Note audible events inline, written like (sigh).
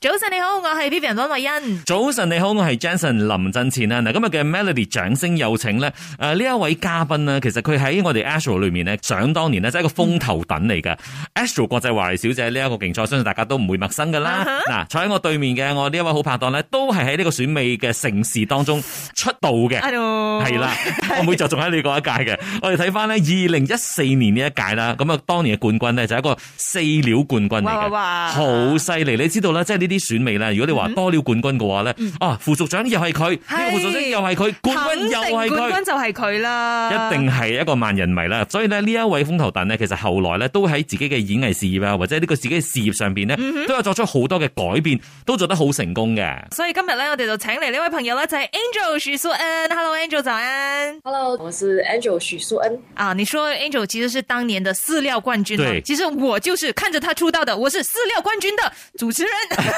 早晨你好，我係 Vivian 方慧欣。早晨你好，我係 Janson 林振前啊！嗱，今日嘅 Melody 掌聲有請咧，誒、呃、呢一位嘉賓咧，其實佢喺我哋 Astro 裏面咧，想當年咧真係一個風頭躉嚟嘅 Astro 國際華裔小姐呢一個競賽，相信大家都唔會陌生噶啦。嗱、uh huh. 啊，坐喺我對面嘅我呢一位好拍檔咧，都係喺呢個選美嘅盛事當中出道嘅。係、uh huh. 啦， (laughs) 我每就仲喺呢個一屆嘅。我哋睇翻咧，二零一四年呢一屆啦，咁啊當年嘅冠軍咧就係、一個四料冠軍嚟嘅，好犀利！你知道啦，即係啲選美咧，如果你話多了冠軍嘅話咧，嗯、啊，副署長又係佢，呢是副署長又係佢，冠軍又係佢，冠軍就係佢啦，一定係一個萬人迷啦。所以呢，呢一位風頭躉呢，其實後來咧都喺自己嘅演藝事業啊，或者呢個自己嘅事業上邊呢，都有作出好多嘅改變，都做得好成功嘅。所以今日咧，我哋就請嚟呢位朋友咧，就係、是、Angel 徐素恩。Hello，Angel 早安。Hello，我是 Angel 徐素恩。啊，你說 Angel 其實是當年的飼料冠軍，對其實我就是看着他出道的，我是飼料冠軍的主持人。 (laughs)